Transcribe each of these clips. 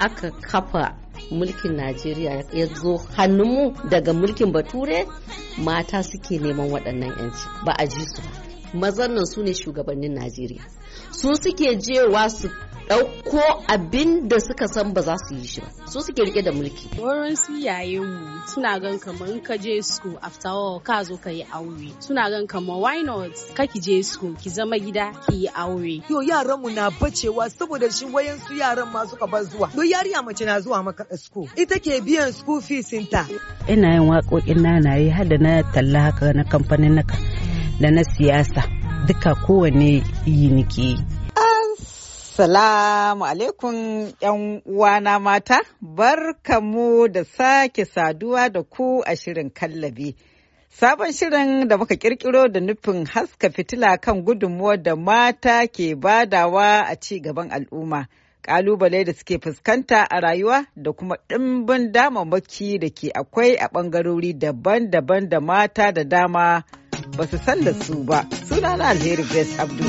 aka kafa mulkin najeriya ya zo hannunmu daga mulkin bature mata suke neman waɗannan 'yanci ba a ji su mazan nan su ne shugabannin najeriya su suke jewa su ɗauko abin da suka san ba za su yi shi ba su suke rike da mulki. Wurin su yaye mu suna gan kamar ka je su after all ka zo ka yi aure suna gan kamar why not ka ki je su ki zama gida ki yi aure. Yo yaran mu na bacewa saboda shi wayan su yaran ma suka bar zuwa. Yo yariya mace na zuwa maka school ita ke biyan school fees ta. Ina yin waƙoƙin na yi da na talla haka na kamfanin naka da na siyasa duka kowane yi niki Salamu alaikum ‘yan uwana mata, barkamu da sake saduwa da ku a shirin kallabi. Sabon shirin da muka kirkiro da nufin haska fitila kan gudunmuwar da mata ke badawa a ci gaban al'umma, ƙalubale da suke fuskanta a rayuwa da kuma ɗimbin damammaki da ke akwai a ɓangarori daban-daban da mata da dama ba su san da su ba. Sunana Alheri Grace Abdul.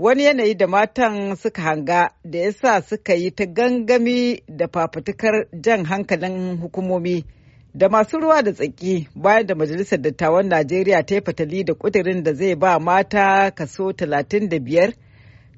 wani yanayi da matan suka hanga da ya sa suka yi ta gangami da fafutukar jan hankalin hukumomi da masu ruwa da tsaki bayan da majalisar dattawan najeriya ta yi fatali da kudirin da zai ba mata kaso 35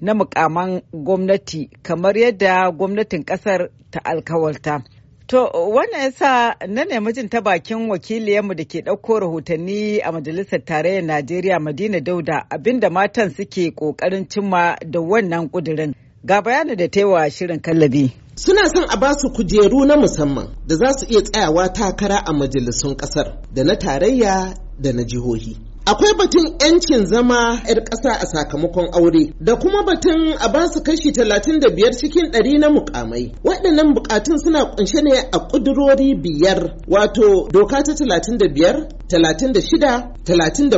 na mukaman gwamnati kamar yadda gwamnatin kasar ta alkawarta. To, wannan yasa na nemi jin ta bakin wakiliyarmu da ke ɗauko rahotanni a Majalisar Tarayyar Najeriya Madina Dauda abinda matan suke ƙoƙarin cimma da wannan ƙudurin. Ga bayani da taiwa shirin kallabi. Suna son a basu kujeru na musamman da za su iya tsayawa takara a majalisun ƙasar da na tarayya da na jihohi. akwai batun 'yancin zama 'yar ƙasa a sakamakon aure da kuma batun a ba su kashi biyar cikin 100 na mukamai waɗannan bukatun suna kunshe ne a ƙudurori biyar wato doka ta talatin da biyar? 36, shida talatin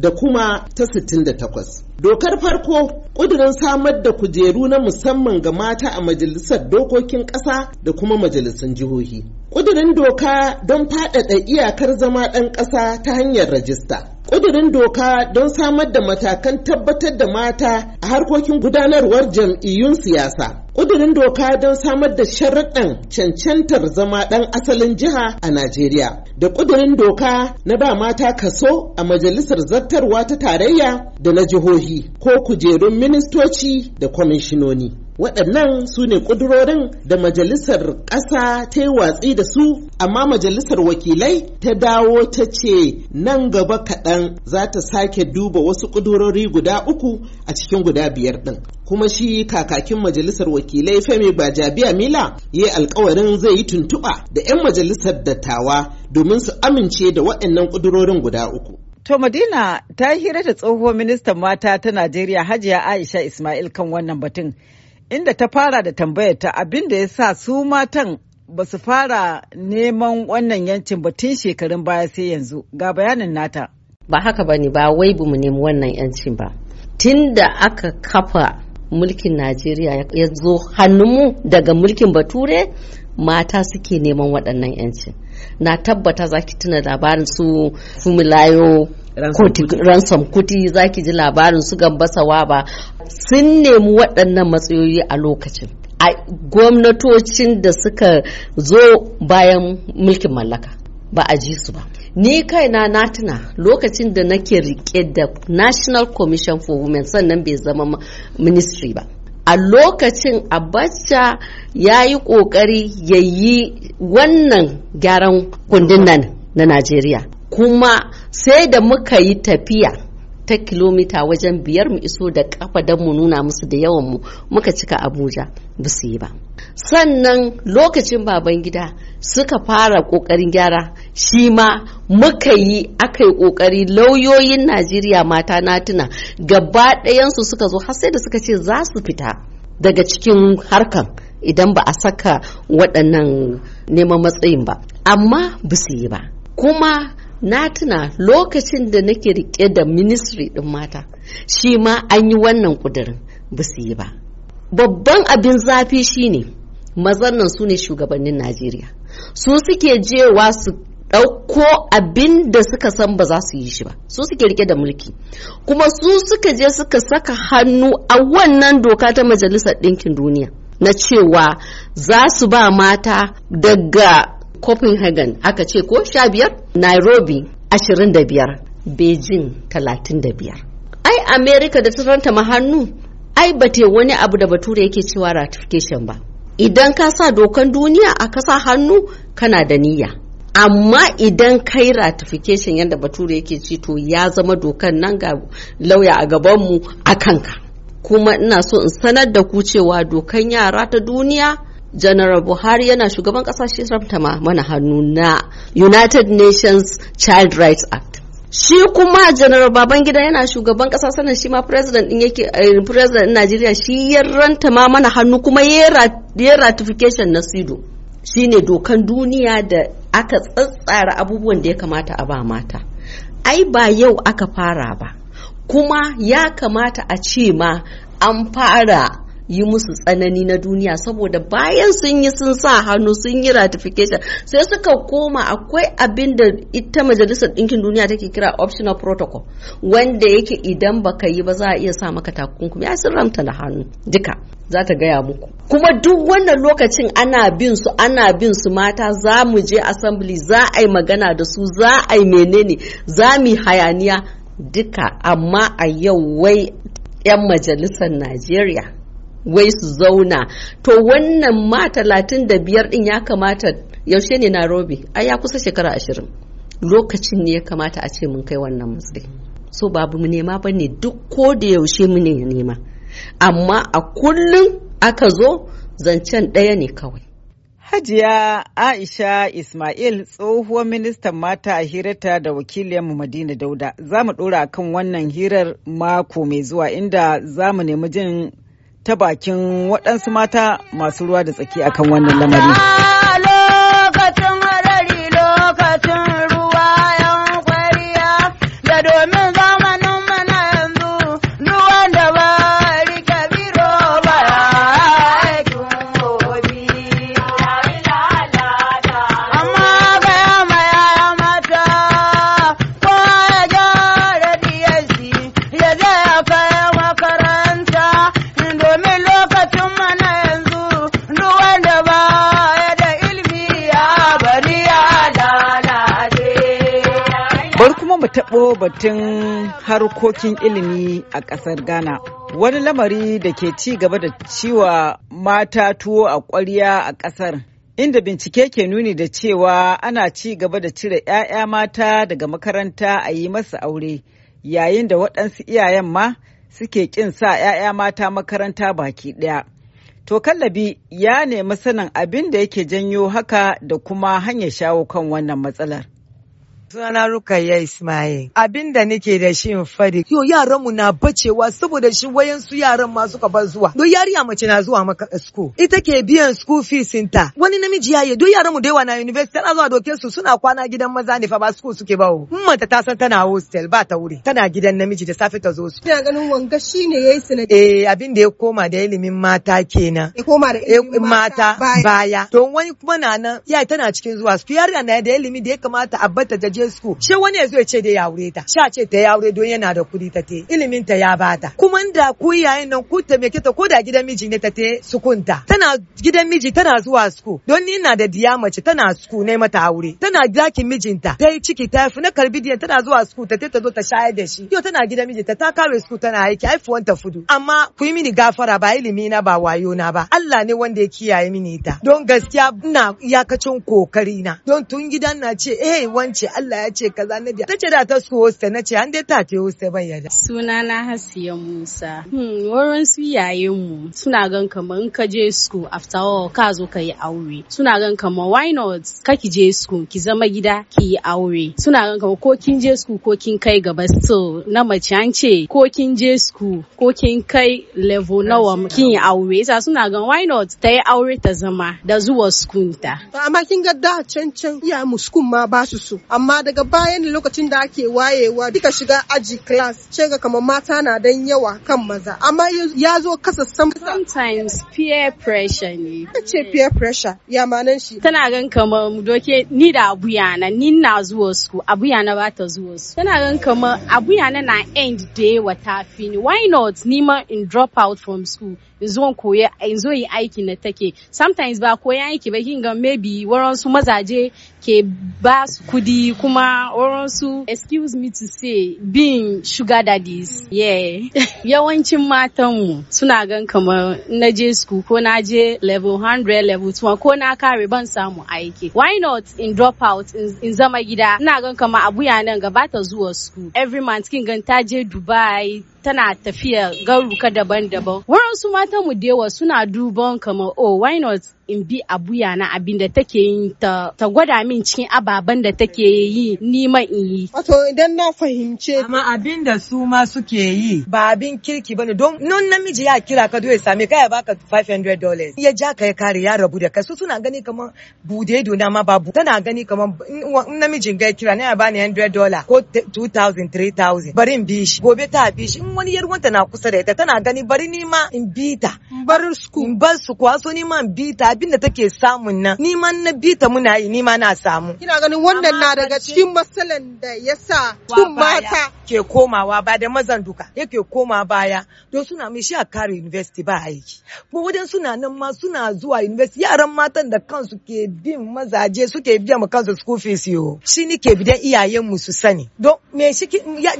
da kuma ta 68. Dokar farko ƙudurin samar da kujeru na musamman ga mata a majalisar dokokin ƙasa da kuma majalisun jihohi. Ƙudurin doka don faɗaɗa iyakar zama ɗan ƙasa ta hanyar rajista. ƙudurin doka don samar da matakan tabbatar da mata a harkokin gudanarwar jam'iyyun siyasa ƙudurin doka don samar da sharaɗin cancantar zama ɗan asalin jiha a najeriya da ƙudurin doka na ba mata kaso a majalisar zartarwa ta tarayya da na jihohi ko kujerun ministoci da kwamishinoni waɗannan su ne ƙudurorin da majalisar ƙasa ta yi watsi da su amma majalisar wakilai ta dawo ta ce nan gaba kaɗan za ta sake duba wasu ƙudurori guda uku a cikin guda biyar ɗin kuma shi kakakin majalisar wakilai femi bajabiya mila ya yi alkawarin zai yi tuntuɓa da 'yan majalisar dattawa domin su amince da waɗannan ƙudurorin guda uku To Madina ta yi hira da tsohuwar ministan mata ta Najeriya Hajiya Aisha Ismail kan wannan batun. inda ta fara da tambayar ta abin da ya sa su matan ba su fara neman wannan yancin ba tun shekarun baya sai yanzu ga bayanin nata. Ba haka ba ne ba wai bu mu nemi wannan yancin ba. Tun da aka kafa mulkin Najeriya ya zo hannunmu daga mulkin Bature mata suke neman waɗannan yancin. Na tabbata za ki tuna labarin su Fumilayo ransom kuti za ki ji labarin su gambasawa ba sun nemi waɗannan matsayoyi a lokacin a gwamnatocin da suka zo bayan mulkin mallaka ba a ji su ba ni kaina na tuna lokacin da nake rike da national commission for women sannan bai zama ministry ba a lokacin abacha ya yi kokari ya yi wannan gyaran kundin nan na najeriya kuma sai da muka yi tafiya ta kilomita wajen biyar mu iso da kafa don mu nuna musu da yawan mu muka cika abuja ba su yi ba sannan lokacin baban gida suka fara kokarin gyara shi ma muka yi aka yi kokari lauyoyin najeriya mata na tuna gaba ɗayansu suka zo har sai da suka ce za su fita daga cikin harkan idan ba a saka waɗannan neman matsayin ba amma ba su yi ba kuma na tuna lokacin da nake rike da ministry din mata shi ma an yi wannan kudirin ba su yi ba babban abin zafi shine mazan nan su ne shugabannin najeriya su suke jewa su ɗauko abin da suka san ba za su yi shi ba su suke rike da mulki kuma su suka je suka saka hannu a wannan doka ta majalisar ɗinkin duniya na cewa za su ba mata daga copenhagen aka ce ko sha biyar nairobi ashirin da biyar beijing talatin da biyar ai Amerika da ta rantama hannu ai bate wani abu da bature yake cewa ratification ba idan ka sa dokan duniya a kasa hannu kana da niyya amma idan kai ratification yadda bature yake ci to ya zama dokan nan ga lauya a gabanmu a kanka kuma ina so in sanar da ku cewa dokan yara ta duniya Janaral Buhari yana shugaban kasa shi ramtama mana hannu na United Nations Child Rights Act. Shi kuma General Babangida yana shugaban kasa sannan shi ma president din yake eh, president Najeriya shi ya rantama mana hannu kuma ya ratification na SIDO. Shi ne dokan duniya da aka tsatsara abubuwan da ya kamata a ba mata. Ai ba yau aka fara ba. Kuma ya kamata a ce ma an fara yi musu tsanani na duniya saboda bayan sun yi sun sa hannu sun yi ratification sai suka koma akwai abin da ita majalisar ɗinkin duniya take kira optional protocol wanda yake idan baka yi ba za a iya sa maka takunkumi ya sun ramta da hannu duka za ta gaya muku kuma duk wannan lokacin ana bin su ana bin su mata za mu je assembly za a yi magana da su za a yi menene za mu hayaniya duka amma a yau wai 'yan majalisar najeriya wai su zauna to wannan ma talatin da biyar din ya kamata yaushe ne nairobi ai ya kusa shekara ashirin lokacin ne ya kamata a ce mun kai wannan matsayi so babu mu nema ba ne duk ko da yaushe mu ne nema amma a kullum aka zo zancen ɗaya ne kawai Hajiya Aisha Ismail tsohuwar ministan mata a hirarta da mu Madina Dauda za mu ɗora kan wannan hirar mako mai zuwa inda za mu nemi jin ta bakin waɗansu mata masu ruwa da tsaki akan wannan lamari. batun harkokin ilimi a ƙasar Ghana. Wani lamari da ke ci gaba da ciwa mata tuwo a ƙwarya a ƙasar, inda bincike ke nuni da cewa ana ci gaba da cire 'ya'ya mata daga makaranta a yi masa aure, yayin da waɗansu iyayen ma suke ƙin sa 'ya'ya mata makaranta baki ɗaya. To kallabi ya nemi sanin abin da yake janyo haka da kuma hanyar shawo kan wannan matsalar. Sunana Rukayya Ismail. Abin da nake da shi in fadi. Yo yaran mu na bacewa saboda shi wayan su yaran ma suka bar zuwa. Do yariya mace na zuwa maka eh, school. Ita ke biyan school fees ta. Wani namiji yayi do yaran mu da yawa na university tana zuwa doke su suna kwana gidan maza ne fa ba school suke bawo. Mata ta san tana hostel ba ta wuri. Tana gidan namiji da safe ta zo su. Ina ganin wanga shine yayi sanadi. Eh abin da ya koma da ilimin mata kenan. Ya koma da ilimin eh, mata baya. To wani kuma nana yayi tana cikin zuwa. Su yariya na da ilimi da ya kamata a bata ta je school she wani ya zo ya ce da ya aure ta sha ce ta ya aure don yana da kuɗi ta te ilimin ta ya bata kuma da ku yayin nan ku meke ta ko da gidan miji ne ta te sukunta tana gidan miji tana zuwa school don ni na da diya mace tana school ne mata aure tana dakin mijinta ta yi ciki ta fi na karbi diyan tana zuwa school ta te ta zo ta shayar da shi yau tana gidan miji ta ta kare school tana aiki haifuwan ta fudu amma ku yi mini gafara ba ilimi na ba wayo na ba Allah ne wanda ya kiyaye mini ita don gaskiya ina iyakacin kokari na don tun gidan na ce eh wance Allah Allah ya ce kaza na biya tace da ta su hosta na ce an dai ta ta hosta ban yada suna na Hasiya Musa hmm, wurin su yayen mu suna gan kamar in ka je school after all ka zo ka yi aure suna gan kamar why not ka ki je school ki zama gida ki yi aure suna gan kamar ko kin je school ko kin kai gaba still na mace an ce ko kin je school ko kin kai level nawa kin yi aure Isa suna gan why not ta yi aure ta zama da zuwa school ta amma kin ga da can can iya mu ma ba su so amma amma daga bayan lokacin da ake wayewa duka shiga aji class ce ga kamar mata na dan yawa kan maza amma ya zo kasa sam sometimes peer pressure ne ce peer pressure ya manan shi tana gan kamar doke ni da abuyana ni na zuwa su abuyana ba ta zuwa su tana gan kamar abuyana na end day wata fini why not ni ma in drop out from school zon koya zo yi aiki na take sometimes ba koyan aiki ba kin ga maybe waran su mazaje ke ba su kudi kuma waran su excuse me to say being sugar daddies yeah yawancin matan mu suna gan kamar na je school ko na je level 100 level 2 ko na kare ban samu aiki why not in drop out in, in zama gida ina gan kamar abu ya nan gaba ta zuwa school every month kin gan ta je dubai tana tafiya garuka daban-daban wurin su mata wata mu da suna duban kamar oh why not in bi a buya na abin da take yi ta, ta gwada min cikin ababen da take yi ni in yi. Wato idan na fahimce. Amma abin da su ma suke yi ba abin kirki bane don non namiji ya kira ka dole same ka ya baka 500 dollars. Ya ja ka ya kare ya rabu da ka su suna gani kamar bude na ma babu tana gani kamar in namijin ga kira na ya bani 100 dollars ko 2000 3000 bari in bi shi gobe ta bi shi in wani yarwanta na kusa da ita tana gani bari ni ma in bi ta. Bar su in bar su kwaso ni ma in bi ta abin da take samun nan ni ma na bi ta muna yi ni ma na samu kina ganin wannan na daga cikin matsalan da yasa tun mata ke komawa ba da mazan duka yake koma baya don suna mai shi a kare university ba aiki ko wajen suna nan ma suna zuwa university yaran matan da kansu ke bin mazaje suke biya ma kansu school fees yo shi ni ke bidan iyayen mu su sani don me shi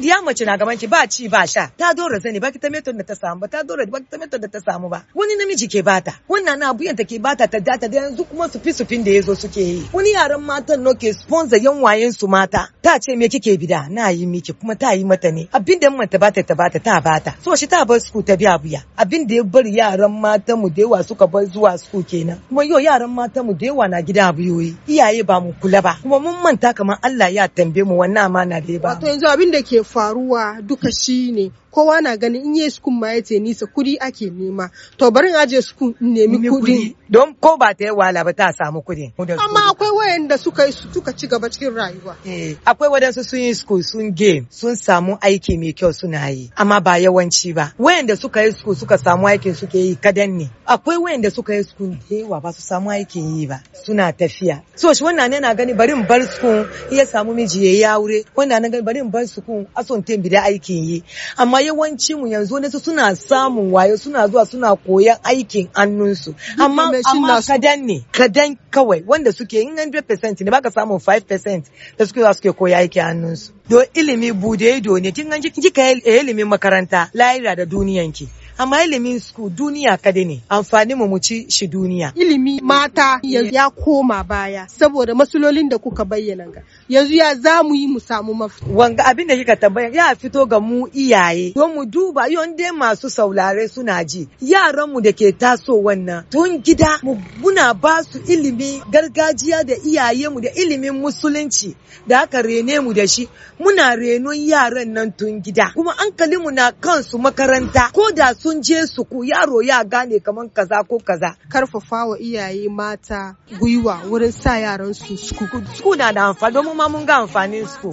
ya mace na gaban ki ba ci ba sha ta dora zani ba ki ta meton da ta samu ba ta dora ba ki ta meton da ta samu ba wani namiji ke bata wannan na abuyan ta ke bata jata jata da yanzu kuma sufi sufin da ya zo suke yi wani yaran matan no ke sponsor yan wayen su mata ta ce me kike bida na yi miki kuma ta yi mata ne abin da mata bata ta bata ta bata so shi ta bar su ta biya buya abin da ya bar yaran matan mu da yawa suka bar zuwa su kenan kuma yau yaran matan mu da yawa na gida biyoyi iyaye ba mu kula ba kuma mun manta kamar Allah ya tambaye mu wannan amana da ya ba wato yanzu abin da ke faruwa duka shine kowa na ganin in yi sukun ma ce nisa kudi ake nema to bari in aje sukun nemi kudi don ko ba ta yi wahala ba ta samu kudi amma akwai wayanda suka yi suka ci gaba cikin rayuwa eh, akwai wadansu sun yi sukun sun game sun samu aiki mai kyau suna yi amma ba yawanci ba wayanda suka yi sukun suka samu aikin suke yi kadan ne akwai wayanda suka yi sukun da yawa ba su samu aikin yi ba suna tafiya so shi wannan yana gani bari in bar sukun iya samu miji ya yi aure wannan na gani bari in bar sukun ason tembi da aikin yi amma yawanci mu yanzu ne suna samun waye suna zuwa suna koyan aikin hannunsu amma amma kadan ne kadan kawai wanda suke in percent ne baka samun 5% da suke suke koya aikin annunsu do ilimi bude ido ne kin ganji kika ilimin makaranta lahira da duniyanki amma ilimin su duniya kada ne amfani mu ci shi duniya ilimi mata ya koma baya saboda masulolin da kuka bayyana ga yanzu ya za mu yi mu samu mafi wanga abin da kika tambaya ya fito ga mu iyaye don mu duba yon dai masu saulare suna ji yaran mu da ke taso wannan tun gida mu muna ba su ilimi gargajiya da iyaye mu da ilimin musulunci da aka rene mu da shi muna renon yaran nan tun gida kuma ankalinmu na kansu makaranta ko da su sun je su ku yaro ya gane kamar kaza ko kaza. Karfafa wa iyaye mata gwiwa wurin sa yaran su suku. Suku na da amfani domin ma mun ga amfanin suku.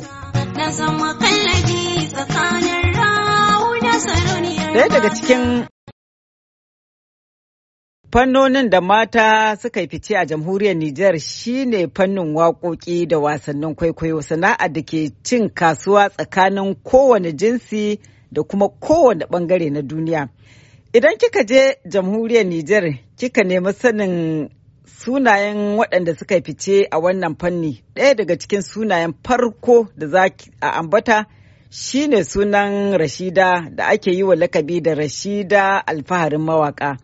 Na Daya daga cikin Fannonin da mata suka yi fice a jamhuriyar Nijar shine fannin waƙoƙi da wasannin kwaikwayo sana'a da ke cin kasuwa tsakanin kowane jinsi da kuma kowane bangare na duniya. Idan kika je jamhuriyar Nijar kika nemi sanin sunayen waɗanda suka fice a wannan fanni ɗaya daga cikin sunayen farko da za a ambata shine sunan Rashida da ake yi wa lakabi da Rashida alfaharin mawaka.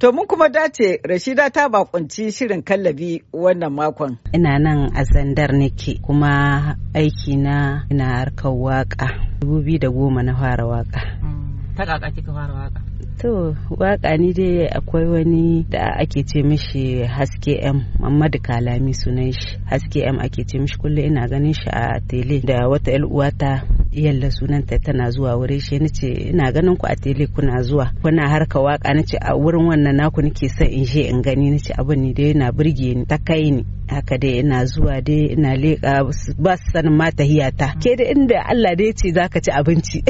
To mun kuma dace Rashida ta bakunci shirin kallabi wannan makon. Ina nan a zandar nake kuma aiki na ina harkar waka. goma na fara waka. Mm, ta kaka kika fara waka? To waka ni dai akwai wani da ake ce mishi haske M Muhammadu Kalami sunan shi. Haske M ake ce mishi kullum ina ganin shi a tele da wata 'yar uwata yalla sunanta tana zuwa wuri shi ce ina ganin ku a tele kuna zuwa kuna harka waka ce a wurin wannan naku nake son in je in gani ce abin ni dai yana burge ni ta kai ni haka dai ina zuwa dai ina leƙa ba su sanin ma tahiyata ke da inda Allah dai ce zaka ci abinci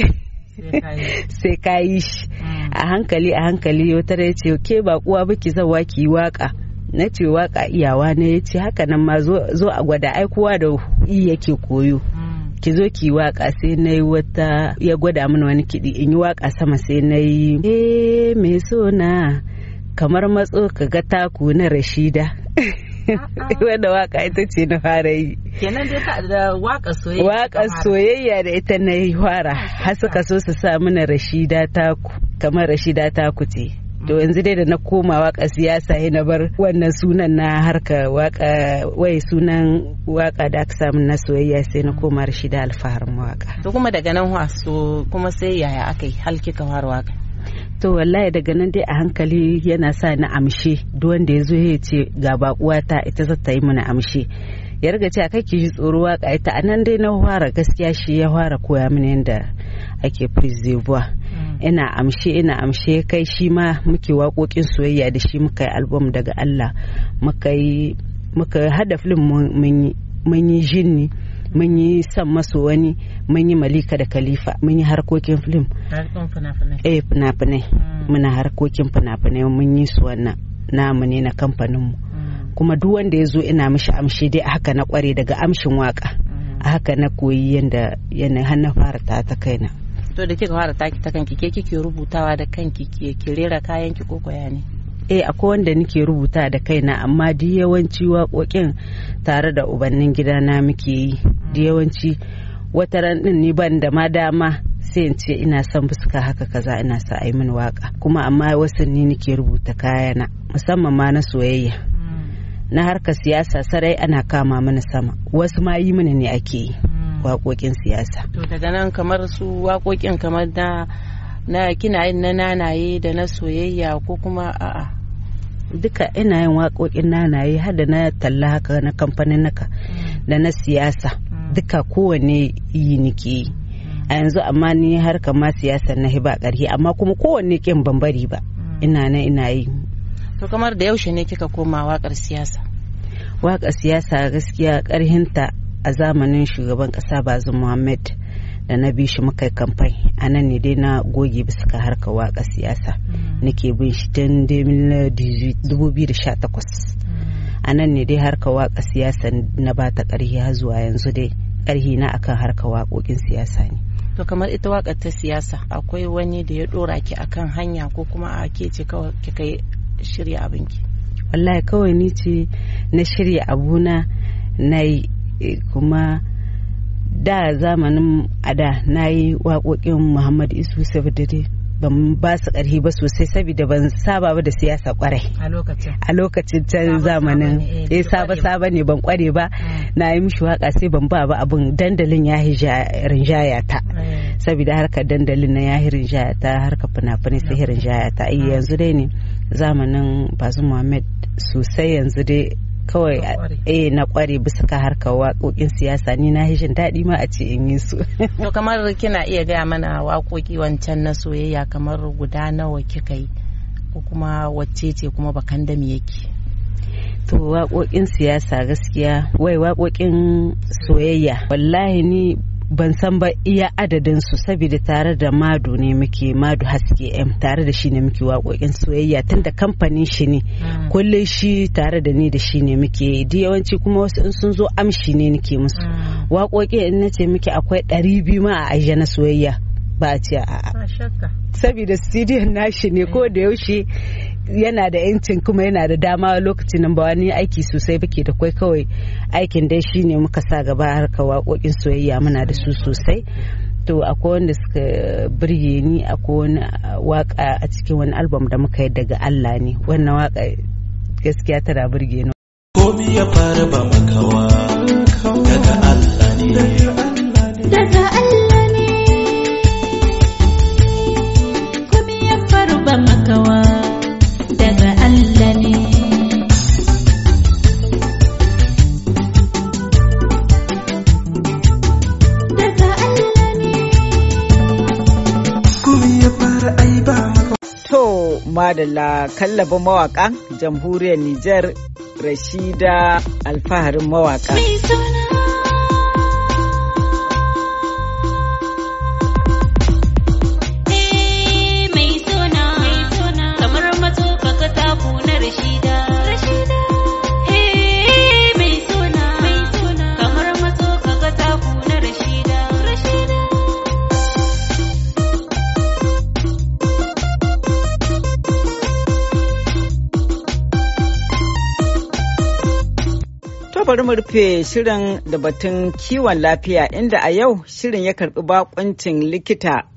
sai ka yi shi a hankali a hankali wata ya ce ke ba kuwa baki zawa ki waka na ce waka iyawa ne ya ce haka nan ma zo a gwada aikuwa da iya yake koyo ki zo ki waka sai na yi wata ya gwada mini wani kiɗi in yi waka sama sai na yi eh me so na kamar matso ka ga taku na rashida wanda waka ita ce na fara yi kenan dai ka da waka soyayya waka soyayya da ita na yi fara har suka so su sa mana rashida taku kamar rashida taku ce to yanzu dai da na koma waka siyasa sai na bar wannan sunan na harka waka wai sunan waka da aka samu na soyayya sai na koma shi da alfaharin waka to kuma daga nan wasu kuma sai yaya aka yi halki fara waka to wallahi daga nan dai a hankali yana sa na amshe duk wanda ya zo ya ce ga bakuwata ita za ta yi mana amshe ya riga cewa kake ji tsoro waka ita a nan dai na fara gaskiya shi ya fara koya mini yadda ake preservoir mm. ina amshe ina amshe kai shi ma muke waƙoƙin soyayya da shi muka yi album daga Allah muka yi hada film mun yi jinni mun yi san maso wani mun yi malika da khalifa mun yi harkokin film eh fina-finai mm. muna harkokin fina-finai mun yi su wannan namu ne na kamfaninmu kuma duk wanda ya zo ina mishi amshi dai a haka na kware daga amshin waka a mhm. haka na koyi yadda yana har na fara ta ta kaina to da kika fara taki ta kanki ke kike rubutawa da kanki ke kirera rera kayan ki koko ya ne eh akwai wanda nake rubuta da kaina amma di yawanci waƙoƙin tare da ubannin gidana muke yi di mhm. yawanci wata ran din ni ban da ma dama sai in ce ina son fuska haka kaza ina sa a yi min waka kuma amma wasanni nake rubuta kayana musamman ma na soyayya na harkar siyasa sarai ana kama mana sama wasu ma yi mana ne ake yi hmm. waƙoƙin siyasa to daga nan kamar su waƙoƙin kamar na na kina yin na nanaye da na soyayya ko kuma a'a duka ina yin waƙoƙin nanaye har da na talla haka na kamfanin naka hmm. da na siyasa hmm. duka kowane yi nike yi a yanzu amma ni har ma siyasa na hiba ƙarhi amma kuma kowanne kin bambari ba ina na ina yi to kamar da yaushe ne kika koma wakar siyasa wakar siyasa gaskiya karhinta a zamanin shugaban kasa bazin muhammad da na bi shi muka kamfai a nan ne dai na goge bisa ka harka wakar siyasa mm. nake bin shi tun 2018 mm. a nan ne dai harka waka siyasa na ba ta karhi har zuwa yanzu dai karhi na akan harka wakokin siyasa ne to kamar ita wakar ta siyasa akwai wani da ya dora ki akan hanya ko kuma a ke ce kawai kika yi shirya abinki wallahi kawai ni ce na shirya abuna na yi eh, kuma da zamanin ada na yi waƙoƙin muhammad isu dai. ban ba su ƙarfi ba sosai saboda ban saba ba da siyasa kwarai a lokacin can zamanin ya eh, eh, saba saba ne ban kware ba eh. na yi mishi waka sai ban ba ba abin dandalin ya rinjaya ta saboda harkar dandalin na ya rinjaya ta harkar fina-finai sai rinjaya ta ah. yanzu dai ne zamanin bazin muhammad sosai yanzu dai kawai eh na kware bisa ka harkar waƙoƙin siyasa ni na hishin daɗi ma a ce in yi su to kamar kina iya gaya mana waƙoƙi wancan na soyayya kamar guda nawa kika yi ko kuma wacce ce kuma bakan da yake to waƙoƙin siyasa gaskiya wai waƙoƙin soyayya wallahi ni ban san ba iya adadin su saboda tare da madu ne muke madu haske m tare da shi ne muke waƙoƙin soyayya tun da kamfanin shi ne hmm. kullum shi tare da ni da shi ne muke di yawanci kuma wasu in sun zo amshi ne nake musu hmm. waƙoƙi in nace muke akwai ɗari biyu ma a ajiye na soyayya ba a ce saboda studio nashi ne ko da yaushe yana da yancin kuma yana da dama lokacin nan ba wani aiki sosai bake da kai kawai aikin dai shine muka sa gaba harka waƙoƙin soyayya muna da su sosai to akwai wanda suka birge ni akwai wani ah, waka a cikin wani album da muka yi daga Allah ne wannan waka gaskiya tana birge ni komi ya fara ba makawa daga Allah madalla kallabin mawaƙa jamhuriyar Nijar Rashida alfaharin mawaƙa. bari mu rufe shirin da batun kiwon lafiya inda a yau shirin ya karbi bakuncin likita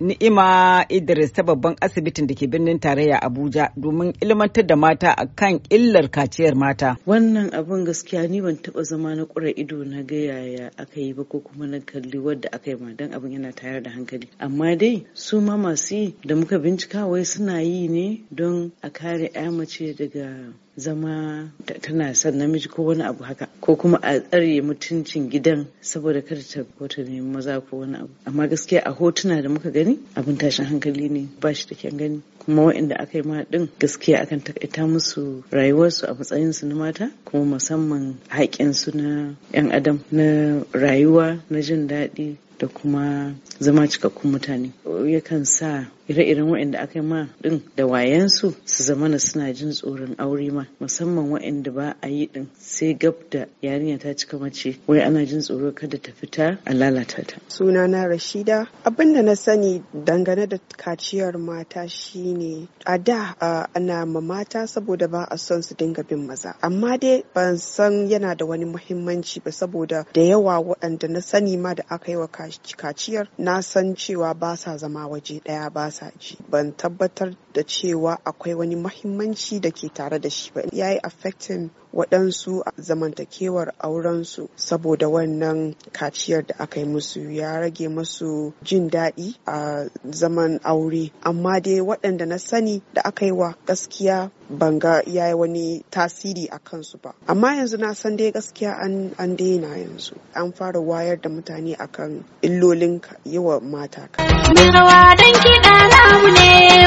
Ni'ima Idris ta babban asibitin da ke birnin tarayya Abuja domin ilmantar da mata a kan illar kaciyar mata. Wannan abin gaskiya ni ban taba zama na kura ido na ga yaya aka yi ba ko kuma na kalli wadda aka yi ma dan abin yana tayar da hankali. Amma dai su ma masu yi da muka bincika wai suna yi ne don a kare 'ya mace daga zama tana son namiji ko wani abu haka ko kuma a tsare mutuncin gidan saboda kada ta ko ta nemi maza ko wani abu amma gaskiya a hotuna da muka gani abin tashin hankali ne ba shi da kyan gani kuma waɗanda aka yi ma ɗin gaskiya akan takaita musu rayuwarsu a matsayin su na mata kuma musamman haƙƙinsu na 'yan adam na rayuwa na jin daɗi da kuma zama cikakkun mutane yakan sa ire-iren waɗanda aka yi ma ɗin da wayansu su zama na suna jin tsoron aure ma musamman waɗanda ba a yi ɗin sai gab da yarinya ta cika mace wai ana jin tsoro kada ta fita a lalata ta. Suna na rashida abinda na sani dangane da kaciyar mata shine a da ana ma mata saboda ba a son su dinga bin maza amma dai ban san yana da wani muhimmanci ba saboda da yawa waɗanda na sani ma da aka yi wa kaciyar na san cewa ba sa zama waje ɗaya ba sa ji ban tabbatar da cewa akwai wani mahimmanci da ke tare da shi ba Ya yi affecting waɗansu a zamantakewar aurensu saboda wannan kaciyar da aka yi musu ya rage musu jin daɗi a zaman aure amma dai waɗanda na sani da aka yi wa gaskiya banga ya yi wani tasiri a kansu ba amma yanzu na san dai gaskiya an daina yanzu an fara wayar da mutane akan illolin yawa mata kan. rawa don kiɗa namu ne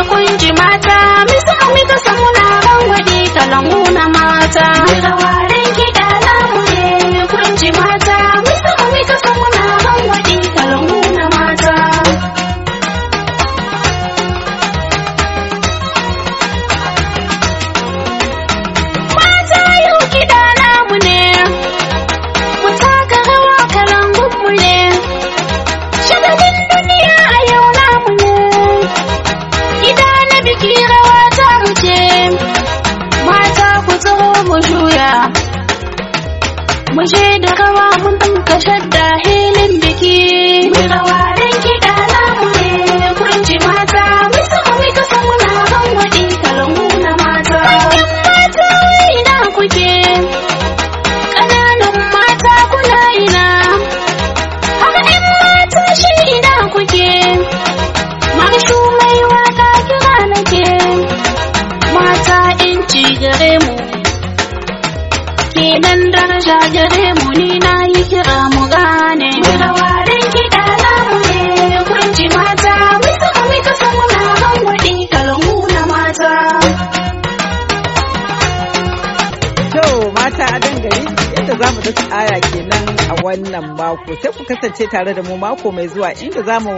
mata zauna ran waje na mata. Da rawarin kiɗa zamu ne kunci mata. idan daraja gare mu ni na yi kira mu gane muna warin kiɗa namu ne kun mata mu saka mai kasa muna hanwaɗi kalangu na mata. To mata a dangane yadda za mu aya kenan a wannan mako sai ku kasance tare da mu mako mai zuwa inda za mu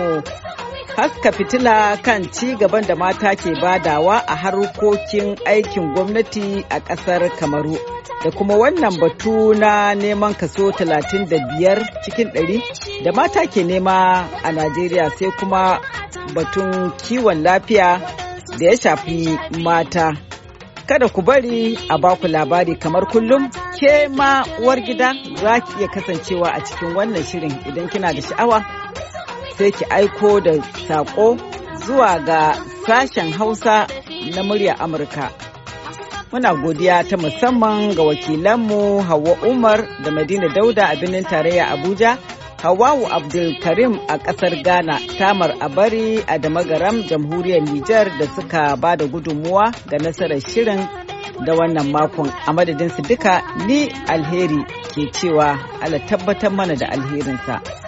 haska fitila kan ci gaban da mata ke badawa a harkokin aikin gwamnati a ƙasar kamaru da kuma wannan batu na neman kaso 35 cikin 100 da mata ke nema a najeriya sai kuma batun kiwon lafiya da ya shafi mata kada ku bari a baku labari kamar kullum ke ma uwar gida za ki iya kasancewa a cikin wannan shirin idan kina da sha'awa sai ki aiko da saƙo zuwa ga sashen Hausa na murya Amurka. Muna godiya ta musamman ga wakilanmu Hauwa Umar da Madina Dauda a birnin tarayya Abuja, Hawawu Abdulkarim a ƙasar Ghana, Tamar Abari a Damagaram, Jamhuriyar Nijar da suka ba da gudunmuwa ga nasarar shirin da wannan makon a madadinsu duka ni alheri ke cewa ala tabbatar mana da alherinsa.